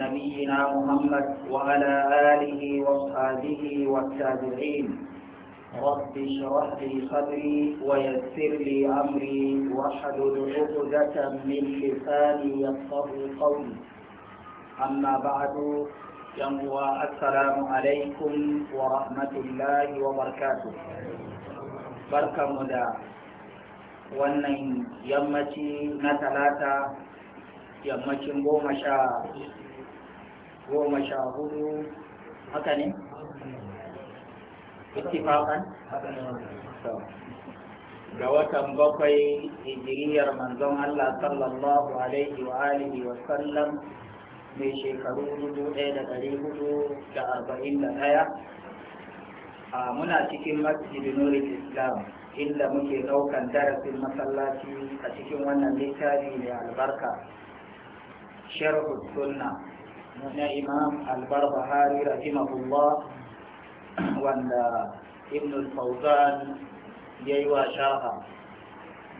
نبينا محمد وعلى آله وصحبه والتابعين رب اشرح لي صدري ويسر لي أمري واحلل عقدة من لساني يفقه قولي أما بعد ينوى السلام عليكم ورحمة الله وبركاته بركة مدى wannan يمتي نتلاتا yammacin goma sha goma sha hudu haka ne? ittifaqan ga watan bakwai hijiriyar manzon Allah sallallahu alaihi wa alihi wa sallam mai shekaru hudu ɗaya da ɗari hudu da arba'in da ɗaya a muna cikin masjidin nurul islam inda muke ɗaukan darasin masallaci a cikin wannan littafi mai albarka شرح السنة من إمام البربهاري رحمه الله وأن ابن الفوزان يوى شرحه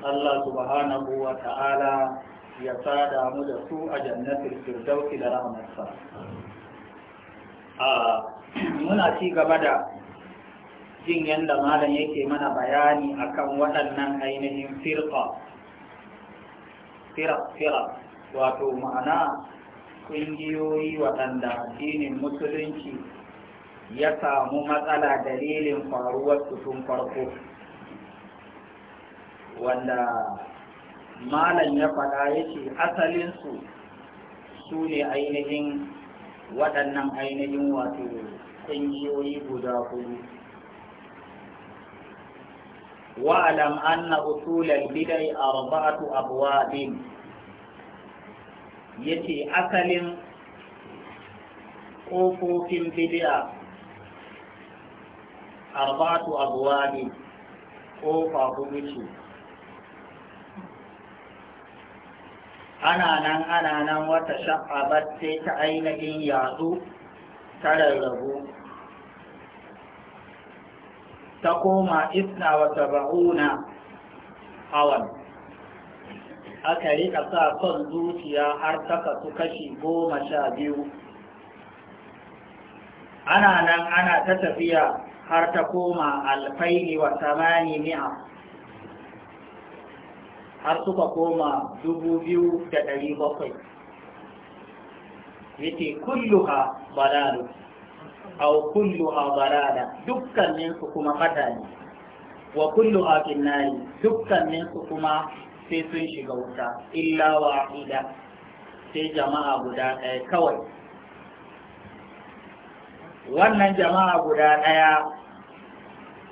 Allah subhanahu wa ta'ala ya sada mu da su a jannatin firdausi da rahamarsa. Muna ci gaba da jin yadda malam yake mana bayani akan waɗannan ainihin firka, fira-fira wato ma'ana ƙungiyoyi waɗanda addinin musulunci ya samu matsala dalilin faruwar tun farko wanda malam ya faɗa ya ce asalinsu su ne ainihin waɗannan ainihin wato ƙungiyoyi guda hudu wa'alam anna usulal bidai arba'atu abuwa ya asalin ƙofofin bidiya arbatu abuwa ne ƙofa hudu ce ana nan ana nan wata sha'abar sai ta ainihin yatsu ta rarrabu ta koma isna wa saba'una hawan. aka rika sa son zuciya har ta kasu kashi goma sha biyu ana nan ana ta tafiya har ta koma alfaini wa samani mi'a har suka koma dubu biyu da ɗari bakwai yake kulluha balalu au kulluha balala dukkaninsu kuma fata ne wa kulluha finnari dukkaninsu kuma sai sun shiga wuta illa wahida sai jama'a guda ɗaya kawai wannan jama'a guda ɗaya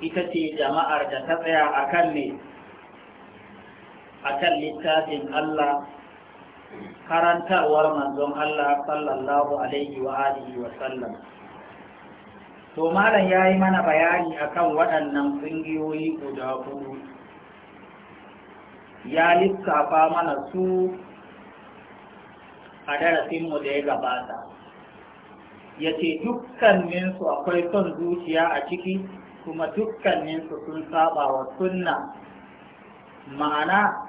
ita ce jama'ar da ta tsaya a kan ne a kan littafin Allah karantarwar manzon Allah sallallahu alaihi wa alihi wa sallam to malam ya yi mana bayani akan waɗannan ƙungiyoyi guda hudu ya lissafa mana su a darasinmu da ya gabata ya ce dukkaninsu akwai son zuciya a ciki kuma dukkaninsu sun saba wa sunna ma'ana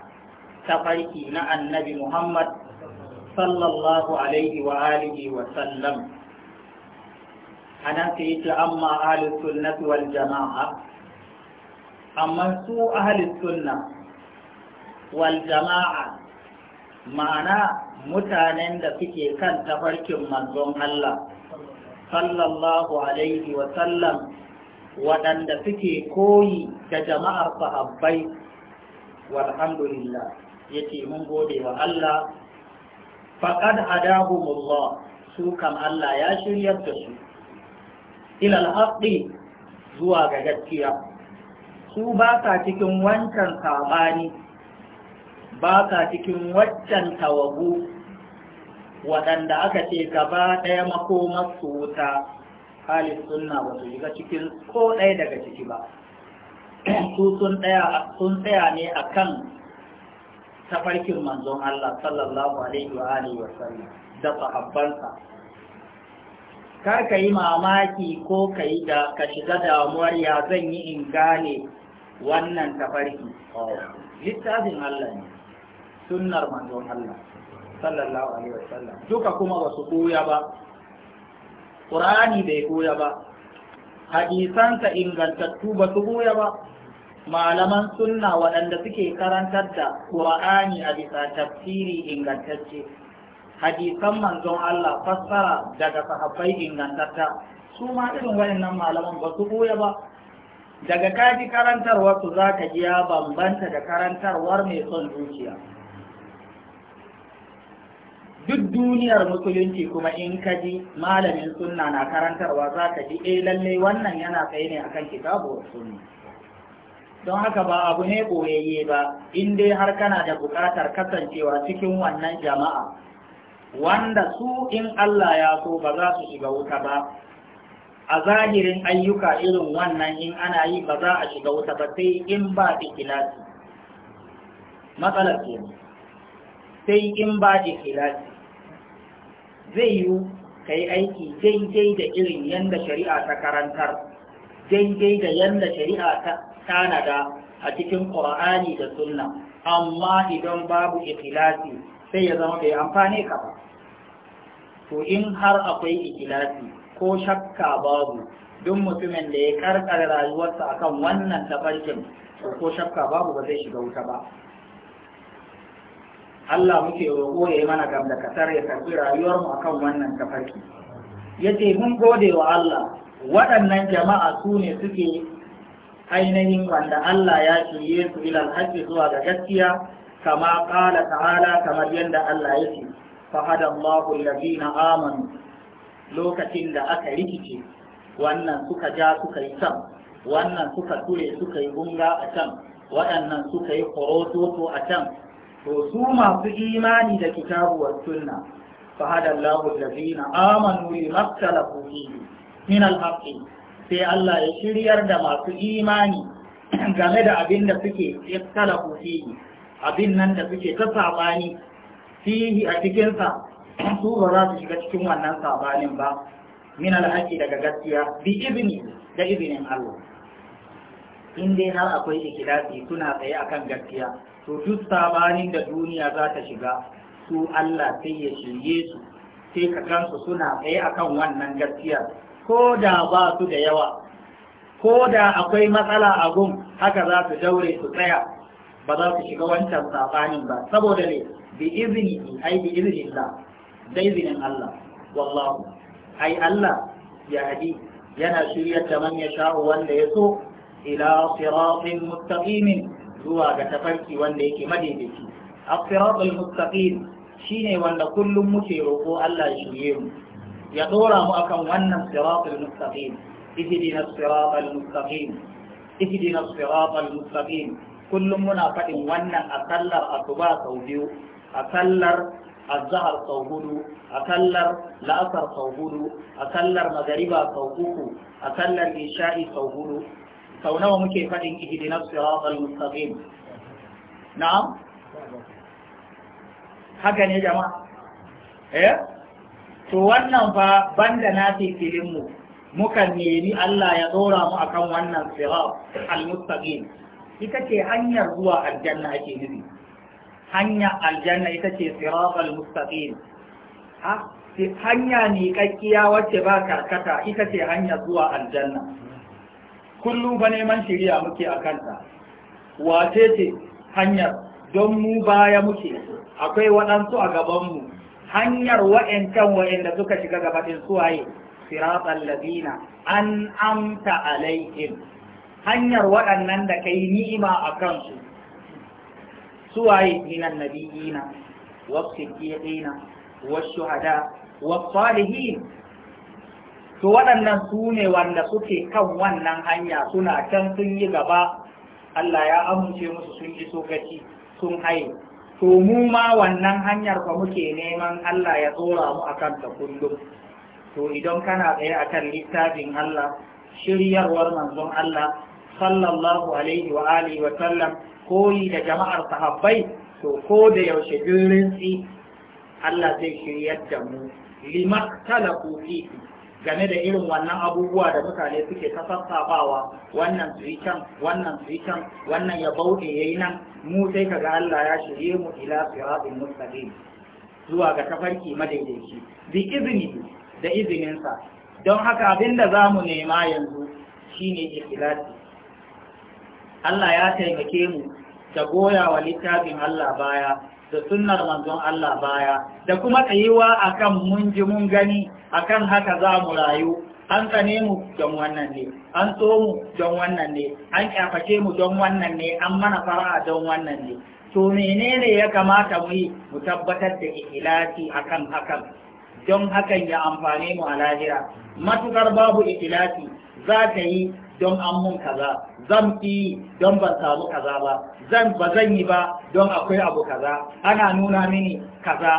tafarki na annabi muhammad sallallahu alaihi wa alihi wa sallam anan sai ya amma ahlus wal jama'a amma su ahlus sunna wal jama'a ma'ana mutanen da suke kan tafarkin manzon Allah sallallahu alaihi wa sallam waɗanda suke koyi da jama'ar sahabbai walhamdulillah ce mun gode wa Allah faƙad hadahumullah su kam Allah ya shiryar da su Ilal alhaqi zuwa ga gaskiya su ba sa cikin wancan sabani ba ka cikin waccan tawagu waɗanda aka ce gaba ɗaya makomarsu wuta halin suna wato shiga cikin ko ɗaya daga ciki ba su sun tsaya ne a kan tafarkin manzon Allah sallallahu alaihi wa Alaihi wa da sahabbansa kar ka yi mamaki ko ka yi da ka shiga damuwar ya zan yi in gane wannan tafarki oh. littafin Allah ne sunnar manzon Allah sallallahu alaihi wasallam duka kuma ba su koya ba Qur'ani bai koya ba hadisansa ingantattu ba su koya ba malaman sunna waɗanda suke karantar da Qur'ani a bisa tafsiri ingantacce hadisan manzon Allah fassara daga sahabbai ingantatta su ma irin waɗannan malaman ba su koya ba daga kaji karantarwar su za ka ji ya bambanta da karantarwar mai son zuciya duk duniyar musulunci kuma in ka ji malamin sunna na karantarwa za ka ji eh lallai wannan yana kai ne akan kitabu sunna don haka ba abu ne koyayye ba in dai har kana da buƙatar kasancewa cikin wannan jama'a wanda su in Allah ya so ba za su shiga wuta ba a zahirin ayyuka irin wannan in ana yi ba za a shiga wuta ba sai in ba ikilasi matsalar kenan sai in ba ikilasi zai yiwu ka yi aiki daidai da irin yadda shari'a ta karantar daidai da yadda shari'a ta tanada a cikin ƙur'ani da sunna amma idan babu ikilasi sai ya zama bai amfani ka ba to in har akwai ikilasi ko shakka babu duk mutumin da ya karkar rayuwarsa akan wannan tafarkin to ko shakka babu ba zai shiga wuta ba Allah muke roƙo ya yi mana gam da kasar ya karɓi rayuwarmu akan wannan tafarki ya ce mun gode wa Allah waɗannan jama'a su ne suke ainihin wanda Allah ya shirye su ilal haƙƙi zuwa ga gaskiya kama ƙala ta'ala kamar yadda Allah ya ce fahada Allahu alladhina amanu lokacin da aka rikice wannan suka ja suka yi can, wannan suka ture suka yi gunga a can waɗannan suka yi korototo a can to su masu imani da kitabu wa sunna fa hada Allahu allazina amanu li fihi min al sai Allah ya shiryar da masu imani game da abin da suke ikhtalafu fihi abin nan da suke ta sabani fihi a cikin sa su ba za su shiga cikin wannan sabanin ba min al daga gaskiya bi ibni da ibnin Allah in dai har akwai ikhlasi suna tsaye akan gaskiya to duk sabanin da duniya za ta shiga su Allah sai ya shirye su sai ka gansu suna tsaye akan wannan gaskiya ko da ba su da yawa ko da akwai matsala a gun haka za su daure su tsaya ba za su shiga wancan sabanin ba saboda ne bi izini ai bi izinin Allah da izinin Allah wallahu ai Allah ya hadi yana shiryar da man ya sha'u wanda ya so ila siratin mustaqimin zuwa ga tafarki wanda yake madaidaici as-siratal mustaqim shine wanda kullum muke roƙo Allah ya shirye mu ya dora mu akan wannan siratal mustaqim ihdina as-siratal mustaqim ihdina siratal mustaqim kullum muna faɗin wannan a sallar asuba sau biyu a sallar azhar sau hudu a sallar la'asar sau hudu a sallar magariba sau uku a sallar isha'i sau hudu sau nawa muke faɗin ihdinas siratal mustaqim na'am haka ne jama'a eh to wannan fa banda na filin mu muka nemi Allah ya dora mu akan wannan sirat al-mustaqim ita ce hanyar zuwa aljanna ake nufi hanya aljanna ita ce sirat al-mustaqim ha hanya ne kakkiya wacce ba karkata ita ce hanyar zuwa aljanna kullum ba neman shirya muke a kanta wace ce hanyar don mu baya muke akwai waɗansu a gabanmu hanyar wa'yancan wa'yanda suka shiga gabatin suwaye siratan labina an amta alaihim hanyar waɗannan da kai ni'ima a kansu suwaye minan nabiyina wasu siddiqina wasu hada wasu to waɗannan su ne wanda suke kan wannan hanya suna can sun yi gaba Allah ya amince musu sun yi sokaci sun haye to mu ma wannan hanyar fa muke neman Allah ya tsora mu akan ta kullum to idan kana tsaye akan littafin Allah shiryarwar manzon Allah sallallahu alaihi wa alihi wa sallam koyi da jama'ar sahabbai to ko da yaushe si Allah zai shiryar da mu limaktalaku fihi game da irin wannan abubuwa da mutane suke ta sassafawa wannan su wannan su wannan ya bauɗe ya yi nan mu sai kaga Allah ya shirye mu ila siratin mustaqim zuwa ga tafarki madaidaici bi izini da izininsa don haka abin da za mu nema yanzu shine ikhlasi Allah ya taimake mu da goya wa littafin Allah baya da sunnar manzon Allah baya da kuma tsayuwa akan mun ji mun gani akan haka za mu rayu an tsane mu don wannan ne an so mu don wannan ne an kyaface mu don wannan ne an mana fara'a don wannan ne to menene ya kamata mu yi mu tabbatar da ikhlasi akan hakan don hakan ya amfane mu a lahira matukar babu ikhlasi za ka yi don an mun kaza zan fi don ban samu kaza ba zan ba zan yi ba don akwai abu kaza ana nuna mini kaza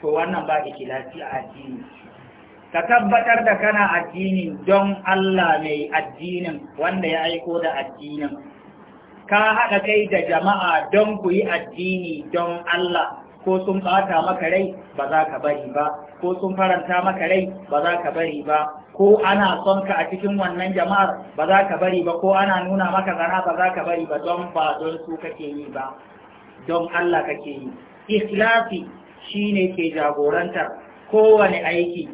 to wannan ba ki ikilafi a addini ka tabbatar da kana addini don Allah mai addinin wanda ya aiko da addinin ka haɗa kai da jama'a don ku yi addini don Allah ko sun ɓata maka rai ba za ka bari ba ko sun faranta maka rai ba za ka bari ba ko ana son ka a cikin wannan jama'ar ba za ka bari ba ko ana nuna maka zana ba za ka bari ba don ba don su kake yi ba don Allah kake yi ikhlasi shine ke jagorantar kowane aiki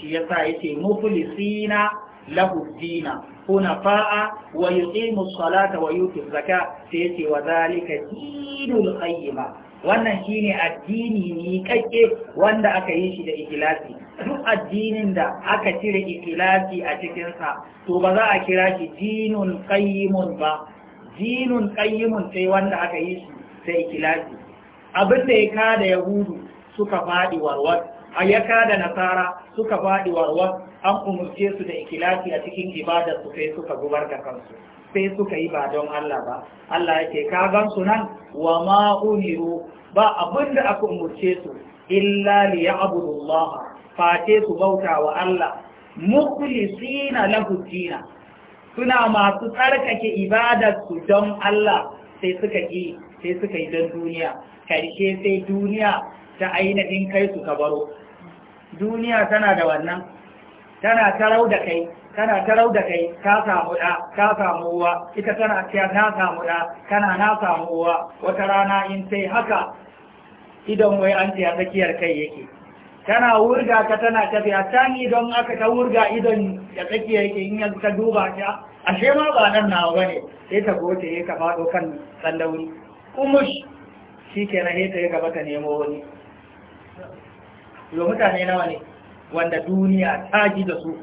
shi yasa yace muflisina lahu dina hunafa'a wa yuqimu salata wa yuti zaka" sai yace wa zalika dinul qayyima wannan shine addini ne kake wanda aka yi shi da ikilasi duk addinin da aka cire ikilasi a cikinsa to ba za a kira shi dinun qayyimun ba Jinun qayyimun sai wanda aka yi shi da ikilasi abin da ya kada yahudu suka faɗi warwar a ya kada nasara suka faɗi warwar an umarce su da ikilasi a cikin ibadar su sai suka zubar da kansu sai suka yi ba don Allah ba Allah yake ka gan su nan wa ma umiru ba abin da aka umarce su illa li ya'budu Allah fate su bauta wa Allah mukhlisina lahu dina suna masu tsarkake ibadar su don Allah sai suka yi sai suka yi don duniya karshe sai duniya ta ainihin kai su kabaro duniya tana da wannan tana tarau da kai tana tarau da kai ka samu da ka samu uwa ita tana cewa na samu da kana na samu uwa wata rana in sai haka idan wai an ce a tsakiyar kai yake tana wurga ka tana tafiya ta ni don aka ta wurga idon da tsakiya yake in yanzu ta duba ta ashe ma ba nan nawa bane sai ta goce ya ka fado kan sandauri umush shi ke na ta ya gaba ta nemo wani yo mutane nawa ne wanda duniya ta ji da su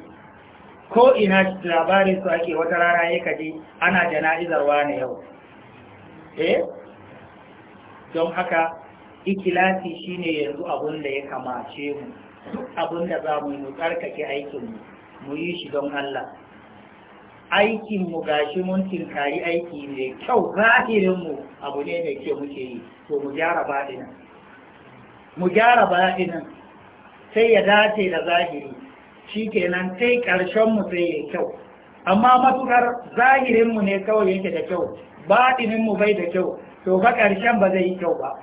ko ina labarin su ake wata rana ya kaji ana jana'izar na yau eh don haka ikilasi shine yanzu abun da ya kamace mu duk abun da za mu yi tsarkake aikinmu mu yi shi don Allah aikin mu gashi mun tinkari aiki ne, kyau zahirinmu mu abu ne mai kyau muke yi to mu gyara baɗinan mu gyara baɗinan sai ya dace da zahiri shi kenan sai ƙarshenmu sai ya kyau amma matukar zahirinmu ne kawai yake da kyau baɗininmu bai da kyau to ba ƙarshen ba zai yi kyau ba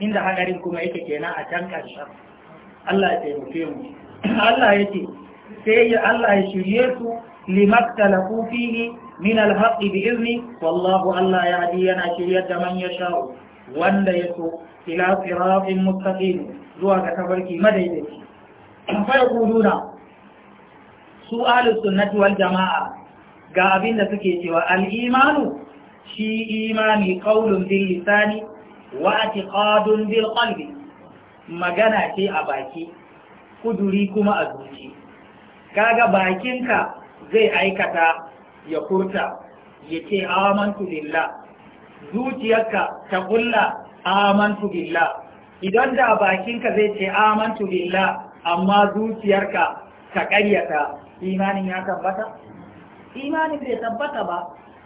inda haɗarin kuma yake kenan a can ƙarshen Allah ya taimake mu Allah ya ce sai Allah ya shirye su kufi fihi min alhaqqi bi izni wallahu Allah ya yana shiryar da man yasha'u wanda ya so ila siratin mustaqim zuwa ga tabarki madaidaici fa kuduna su ahlus sunnati wal jamaa ga abin da suke cewa al imanu shi imani qaulun bil lisani wa i'tiqadun bil qalbi magana ce a baki kuduri kuma a zuci kaga bakinka zai aikata ya furta ya ce amantu billah zuciyarka ta kulla amantu billah idan da bakinka zai ce amantu billah amma zuciyarka ta karyata imanin ya tabbata imanin bai tabbata ba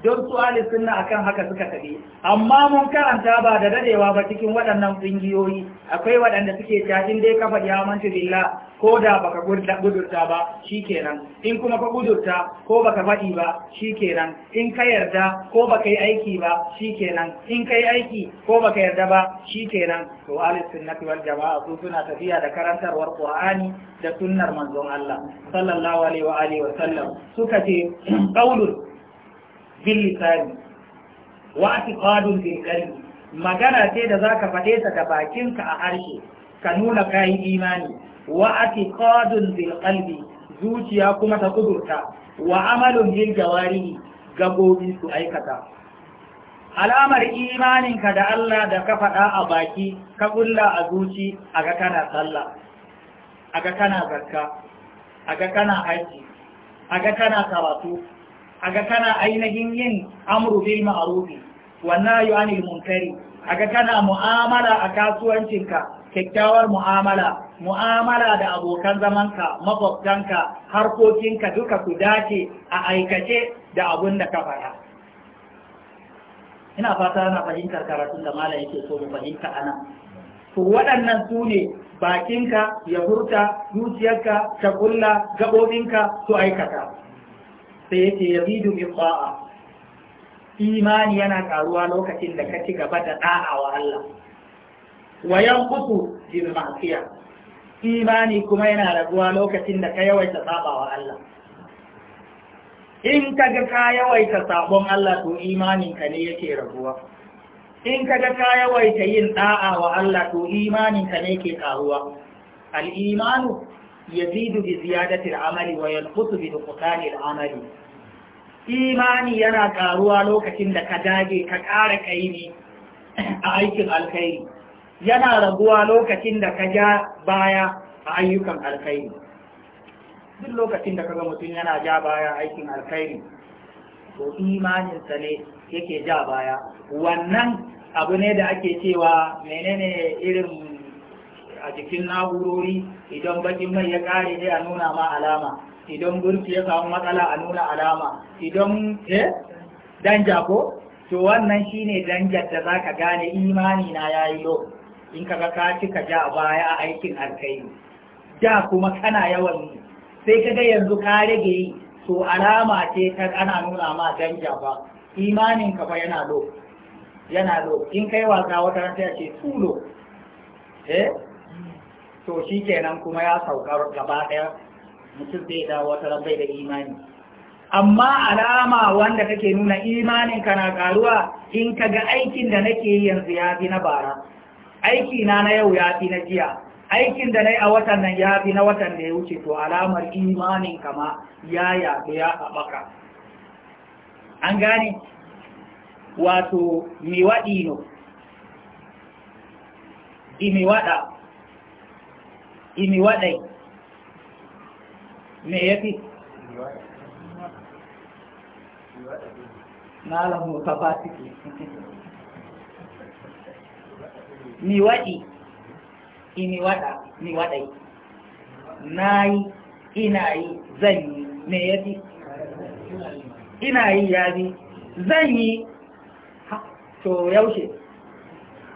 don su ahli sunna akan haka suka tafi amma mun karanta ba da dadewa ba cikin waɗannan ƙungiyoyi akwai waɗanda suke cajin dai kafa ya mantu ko da baka gudurta ba shikenan in kuma ka gudurta ko baka faɗi ba shikenan in ka yarda ko baka yi aiki ba shikenan in ka yi aiki ko baka yarda ba shikenan to ahli sunnati jama'a suna tafiya da karantarwar ƙwa'ani da sunnar manzon Allah sallallahu alaihi wa alihi suka ce qaulun bilisani wa atiqadun bil magana ce da za ka faɗe ta da bakinka a harshe ka nuna kayi imani wa atiqadun bil zuciya kuma ta kudurta wa amalin bil ga gabobi su aikata alamar imaninka da Allah da ka faɗa a baki ka ƙulla a zuci a ga kana tsalla a ga kana zarka a ga kana haiti a ga kana karatu aga kana ainihin yin amru bil ma'ruf wanna nahyu anil munkari aga kana mu'amala a kasuwancinka kyakkyawar mu'amala mu'amala da abokan zamanka makwabtanka harkokinka duka ku dace a aikace da abun da ka faɗa ina fata na fahimtar karatun da mala yake so mu fahimta ana to waɗannan su ne bakinka ya hurta zuciyarka ta kulla gaɓoɓinka su aikata sai yake yazidu min ba'a imani yana karuwa lokacin da ka ci gaba da da'a wa Allah wa yanqutu bil ma'siyah imani kuma yana raguwa lokacin da ka yawaita saba wa Allah in kaga ka yawaita sabon Allah to imanin ka ne yake raguwa in kaga ka yawaita yin da'a wa Allah to imanin ka ne yake karuwa al imanu yazidu bi ziyadati al-amali wa yanqusu bi nuqsani al-amali imani yana karuwa lokacin da ka dage ka ƙara kaini a aikin alkhairi yana raguwa lokacin da ka ja baya a ayyukan alkhairi duk lokacin da kaga mutum yana ja baya aikin alkhairi to imaninsa ne yake ja baya wannan abu ne da ake cewa menene irin a jikin na'urori idan bakin mai ya kare sai a nuna ma alama idan burki ya samu matsala a nuna alama idan eh, danja ko to wannan shine danjar da zaka gane imani na yayi lo in ka ga ka cika ja baya a aikin alkai da kuma kana yawan yi sai kaga yanzu ka rage to alama ce ta ana nuna ma danja ba imanin ka fa yana lo yana lo in kai wasa wata ran sai ce tulo eh to shi kenan kuma ya saukar gaba ɗaya mutum zai da wata rabai da imani amma alama wanda kake nuna imanin ka na karuwa in ka ga aikin da nake yi yanzu ya fi na bara aiki na na yau ya fi na jiya aikin da na yi a watan nan ya fi na watan da ya wuce to alamar imanin ka ma ya yaɗu ya haɓaka an gane wato waɗi no waɗa. imi waɗai me ya fi na alamu kafa ciki mi waɗi imi waɗa mi waɗai na yi ina yi zan yi me ya fi ina yi ya fi zan yi to yaushe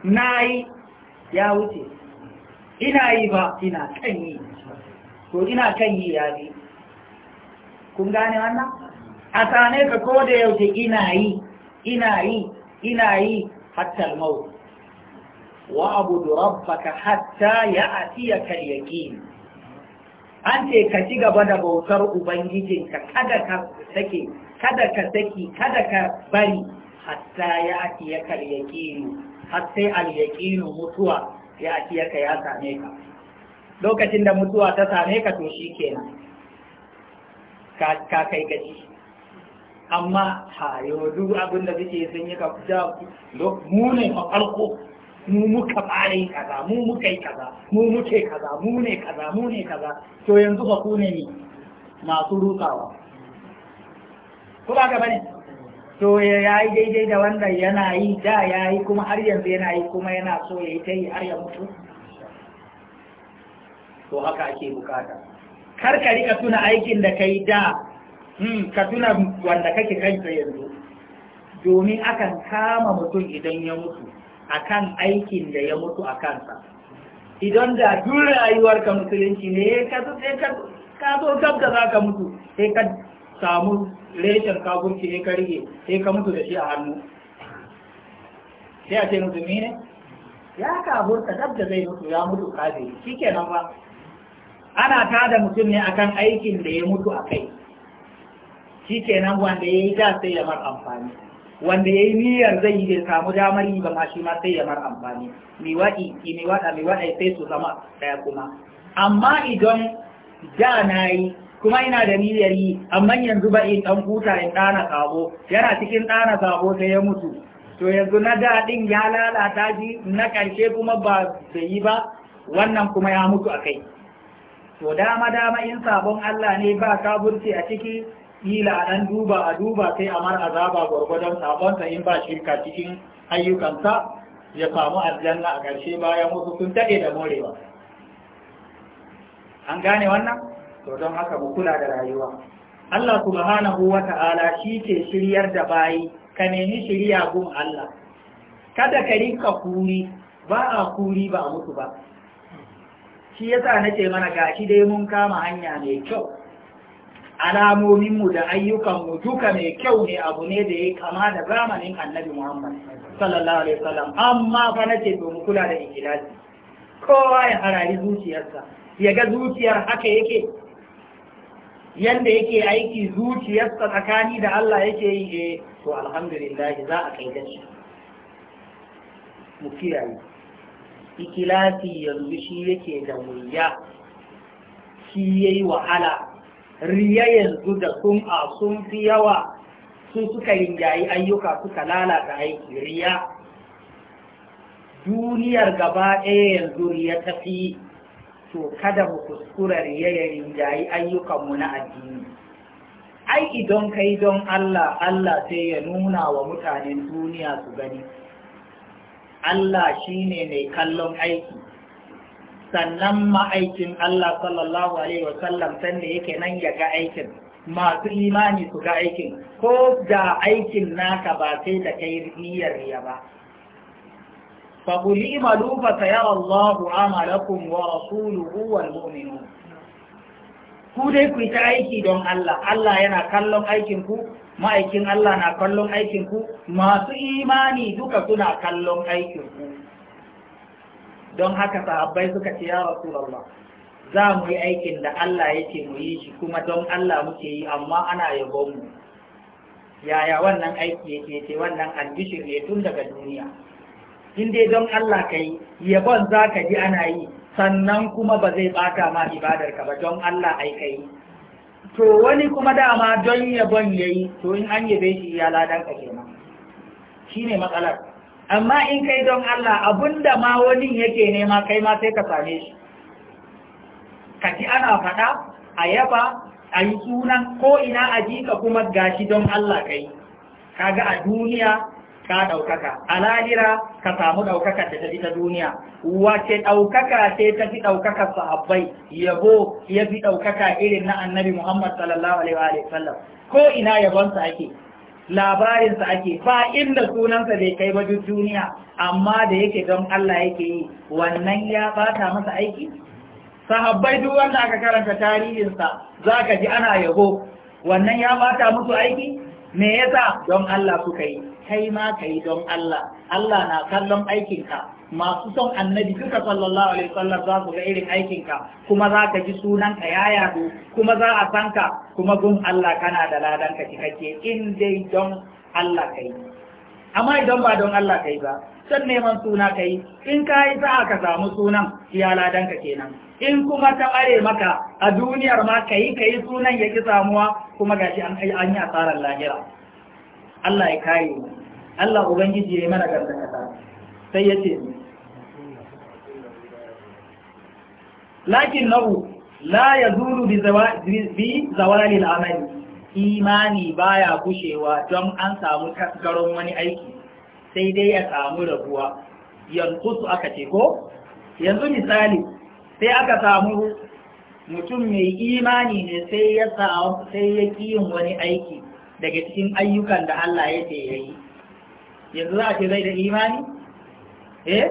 na yi ya wuce ina yi ba ina kan yi to ina kan yi ya bi kun gane wannan a sane ka ko da yaushe ina yi ina yi ina yi hatta al-maut wa abudu rabbaka hatta ya'tiyaka al-yaqin an ce ka ci gaba da bautar ubangijinka kada ka sake kada ka saki kada ka bari hatta ya'tiyaka al-yaqin hatta al-yaqin mutuwa ya atiyaka ya same ka lokacin da mutuwa ta same ka to shi kenan ka kai gaji, amma ha yau duk abin da suke sun yi ka fita mu ne a farko mu muka fara yin kaza mu muka yi kaza mu muke kaza mu ne kaza mu ne kaza to yanzu ba ku ne masu rusawa. Kuma gaba ne, to ya yi daidai da wanda yana yi da ya yi kuma har yanzu yana yi kuma yana so ya yi ta yi har ya mutu to haka ake bukata kar ka tuna aikin da ka yi da hmm, ka tuna wanda kake kanka yanzu domin akan kama mutum idan ya mutu akan aikin da ya mutu a kansa idan da duk rayuwarka musulunci ne ka zo gab da za ka mutu sai ka samu reshen kafurci sai ka rige sai ka mutu da shi a hannu sai a ce musulmi ne ya kafurta dab da zai mutu ya mutu kafiri kenan ba ana tada mutum ne akan aikin da ya mutu a kai kenan wanda ya yi da sai ya mar amfani wanda ya yi niyyar zai yi samu damar yi ba ma shi ma sai ya mar amfani waɗi ki miwaɗa miwaɗa sai su zama ɗaya kuma amma idan da na yi kuma ina da niyyar yi amma yanzu ba in dan huta in dana sabo yana cikin dana sabo sai ya mutu to yanzu na da din ya lalata ji na karshe kuma ba bai yi ba wannan kuma ya mutu akai to dama dama in sabon Allah ne ba kaburci a ciki ila a dan duba a duba sai a mar azaba sabon ta in ba shirka cikin ayyukansa ya samu aljanna a ƙarshe bayan wasu sun daɗe da morewa an gane wannan to don haka mu kula da rayuwa Allah subhanahu wa ta'ala shi ke shiryar da bayi ka nemi shirya gun Allah kada ka rinka kuri ba a kuri ba mutu ba shi yasa nace mana gashi dai mun kama hanya mai kyau Alamomin mu da ayyukan mu duka mai kyau ne abu ne da ya kama da zamanin annabi Muhammad sallallahu alaihi wasallam amma fa nace to mu kula da ikhlasi kowa ya harari zuciyarsa ya ga zuciyar haka yake yanda yake aiki zuciyarsa tsakani da Allah yake yi eh to alhamdulillah za a kai shi. mu kiyaye ikilasi yanzu shi yake da wuya shi yayi wahala riya yanzu da a sun fi yawa sun suka rinjayi ayyuka suka lalata aiki riya duniyar gaba ɗaya yanzu riya ta fi to kada mu kuskura riyayarin jayi ayyukanmu na addini ai idan kai don Allah Allah sai ya nuna wa mutanen duniya su gani Allah shine mai kallon aiki sannan ma'aikin Allah sallallahu alaihi wasallam yake nan ya ga aikin masu imani su ga aikin ko da aikin naka ba sai da kai niyyar riya ba فقل اعملوا فسيرى الله عملكم ورسوله والمؤمنون ku dai ku ta aiki don Allah Allah yana kallon aikin ku ma'aikin Allah na kallon aikin ku masu imani duka suna kallon aikin ku don haka sahabbai suka ce ya Rasulullah za mu yi aikin da Allah yake mu yi shi kuma don Allah muke yi amma ana yabon mu yaya wannan aiki yake ce wannan addishin ne tun daga duniya in dai don Allah ka yi yabon za ka ji ana yi sannan kuma ba zai bata ma ibadarka ba don Allah ai ka to wani kuma dama don yabon ya yi to in an yabe shi ya ladan ka kenan shi ne matsalar amma in kai don Allah abinda ma wani yake nema kai ma sai ka same shi ka ji ana faɗa a yaba a yi sunan ko ina a ji ka kuma gashi don Allah ka yi kaga a duniya ka ɗaukaka a lahira ka samu ɗaukaka da ta fi ta duniya wace ɗaukaka ce ta fi ɗaukaka sahabbai yabo ya fi ɗaukaka irin na annabi muhammad sallallahu alaihi wa sallam ko ina yabonsa ake labarinsa ake ba inda sunansa bai kai ba duniya amma da yake don Allah yake yi wannan ya bata masa aiki sahabbai duk wanda aka karanta tarihinsa zaka ji ana yabo wannan ya bata musu aiki me yasa don Allah suka yi kai ma ka yi don Allah Allah na kallon aikinka masu son annabi duka sallallahu alaihi wasallam za ku ga irin aikinka kuma za ka ji sunanka ya yadu kuma za a san ka kuma gun Allah kana da ladan ka cikakke in dai don Allah ka yi. amma idan ba don Allah ka yi ba san neman suna ka yi. in ka yi sa'a ka samu sunan ya ladan ka kenan in kuma ta ɓare maka a duniyar ma ka yi sunan ya ki samuwa kuma gashi an yi asarar lahira Allah ya kayi. mu Allah ubangiji ya yi mana ƙasa, sai ya ce lakin nahu la ya zuru bi zawali amali imani baya kushewa don an samu tasgaron wani aiki sai dai ya samu rabuwa yankusu aka ce ko yanzu misali sai aka samu mutum mai imani ne sai ya sai ya yin wani aiki daga cikin ayyukan da Allah ya ce yayi yanzu za a ce zai da imani eh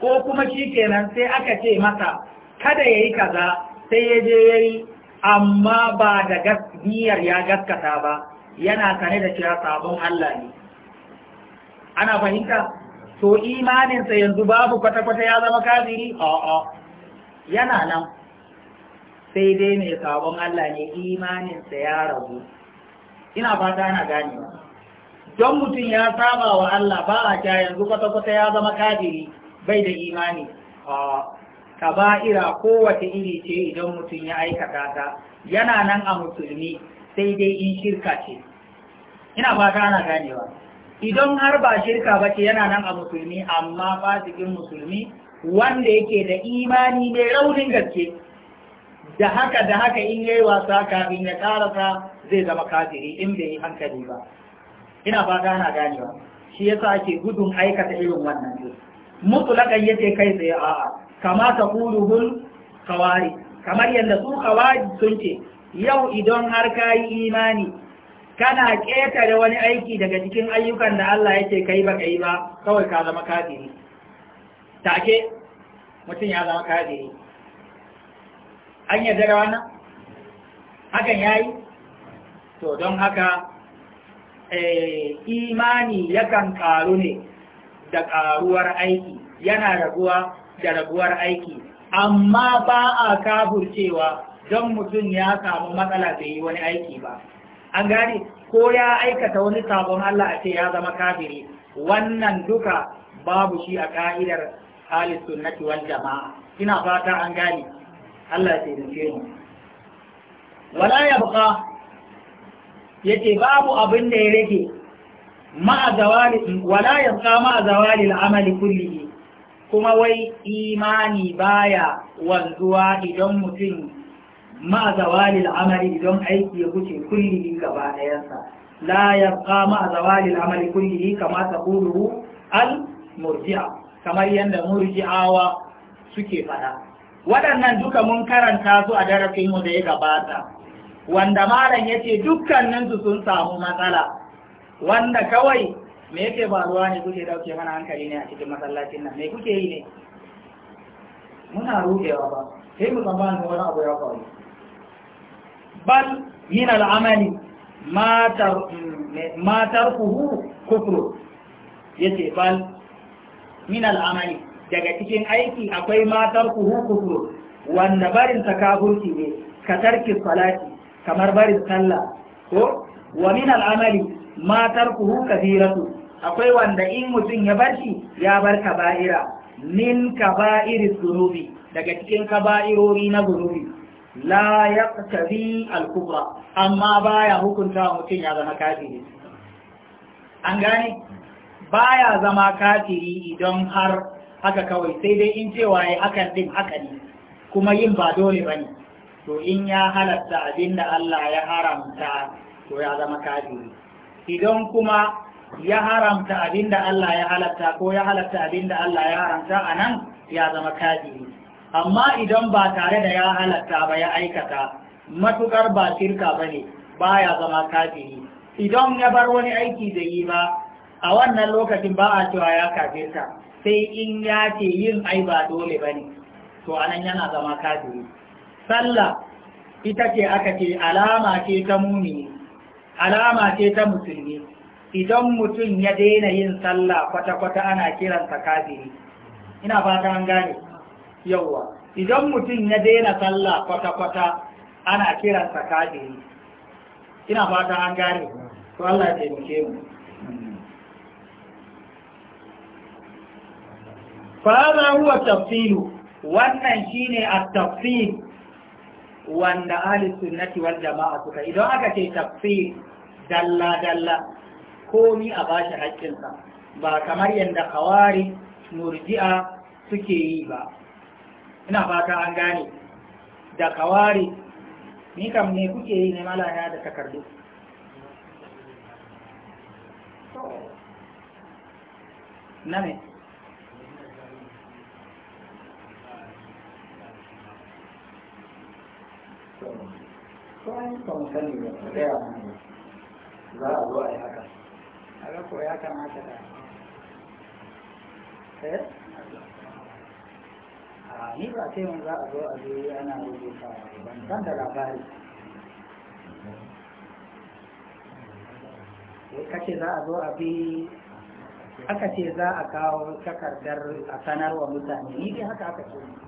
ko kuma shi kenan sai aka ce masa kada ya yi kaza sai ya je ya yi amma ba da gaskiyar ya gaskata ba yana sane da cewa sabon Allah ne ana fahimta to imaninsa yanzu babu kwata-kwata ya zama kafiri a'a yana nan sai dai mai sabon Allah ne imaninsa ya rabu ina fata ana ganewa don mutum ya saba wa Allah ba a kya yanzu kwata-kwata ya zama kadiri bai da imani kaba'ira kowace iri ce idan mutum ya aikata ta yana nan a musulmi sai dai in shirka ce ina fata ana ganewa idan har ba shirka ba ce yana nan a musulmi amma fasikin musulmi wanda yake da imani mai raunin gaske da haka da haka in yayi wasa kafin ya karasa zai zama kafiri in bai yi hankali ba ina ba gana ganewa shi yasa ake gudun aikata irin wannan ne mutulakan yace kai tsaye a'a kama ta kuluhul kawari kamar yadda su kawari sun ce yau idan har ka yi imani kana da wani aiki daga cikin ayyukan da Allah ya ce kai ba kai ba kawai ka zama kafiri take mutum ya zama kafiri an yarda da wannan hakan yayi to don haka Eh, imani yakan ƙaru ne da ƙaruwar aiki yana raguwa da raguwar aiki amma ba a kafurcewa don mutum ya samu matsala bai yi wani aiki ba an gane ko ya aikata wani sabon Allah a ce ya zama kafiri wannan duka babu shi a ka'idar halin sunnati wal jama'a ina fata an gane Allah ya tsere mu wala yabqa yake babu abin da ya rage zawali wala ya ma'a zawali al'amali kulli kuma wai imani baya wanzuwa idan mutum ma'a zawali al'amali idan aiki ya kuce kulli gaba ɗayansa la ya ma'a zawali al'amali kulli kama taqulu al murji'a kamar yadda murji'awa suke faɗa waɗannan duka mun karanta su a darasinmu da ya gabata wanda malam ya ce dukkaninsu sun samu matsala wanda kawai me yake faruwa ne kuke dauke mana hankali ne a cikin masallacin nan me kuke yi ne muna rudewa ba sai mu tsammanin wani abu ya faru bal min al'amali matar kuhu kufru ya ce bal min al'amali daga cikin aiki akwai matar kuhu kufru wanda barin takaburki ne ka tarki salati kamar barin sallah ko wa min al'amali ma tarkuhu kathiratu akwai wanda in mutum ya bar shi ya bar kaba'ira min kaba'iris zunubi daga cikin kaba'irori na zunubi la yaqtabi al-kubra amma baya hukunta mutum ya zama kafiri an gane baya zama kafiri idan har haka kawai sai dai in cewa ya hakan din haka ne kuma yin ba dole bane to in ya halatta abin da Allah ya haramta to ya zama kafiri idan kuma ya haramta abin da Allah ya halatta ko ya halatta abin da Allah ya haramta anan ya zama kafiri amma idan ba tare da ya halatta ba ya aikata matukar ba shirka ba ne ba ya zama kafiri idan ya bar wani aiki da yi ba a wannan lokacin ba a cewa ya kafirta sai in ya ce yin ai ba dole bane to anan yana zama kafiri sallah ita ce aka ce alama ce ta mumini alama ce ta musulmi idan mutum ya daina yin sallah kwata-kwata ana kiransa kafiri ina fata an gane yawwa idan mutum ya daina sallah kwata-kwata ana kiransa kafiri ina fata an gane to Allah ya taimake mu fa huwa tafsilu wannan shine at-tafsil wanda ahli sunnati wal jama'a suka idan aka ce tafsir dalla dalla komi a bashi sa ba kamar yadda kawari murji'a suke yi ba ina fata an gane da kawari ni kam ne kuke yi ne malaya da takardu na ne to an ba mu sani ba ta gaya mu za a zo a yi haka haka ko ya kamata da eh a ni ba ce mun za a zo a zo ana rubuta ban san da labari eh, kace za a zo a bi aka ce za a kawo takardar a sanarwa mutane ni dai haka aka ce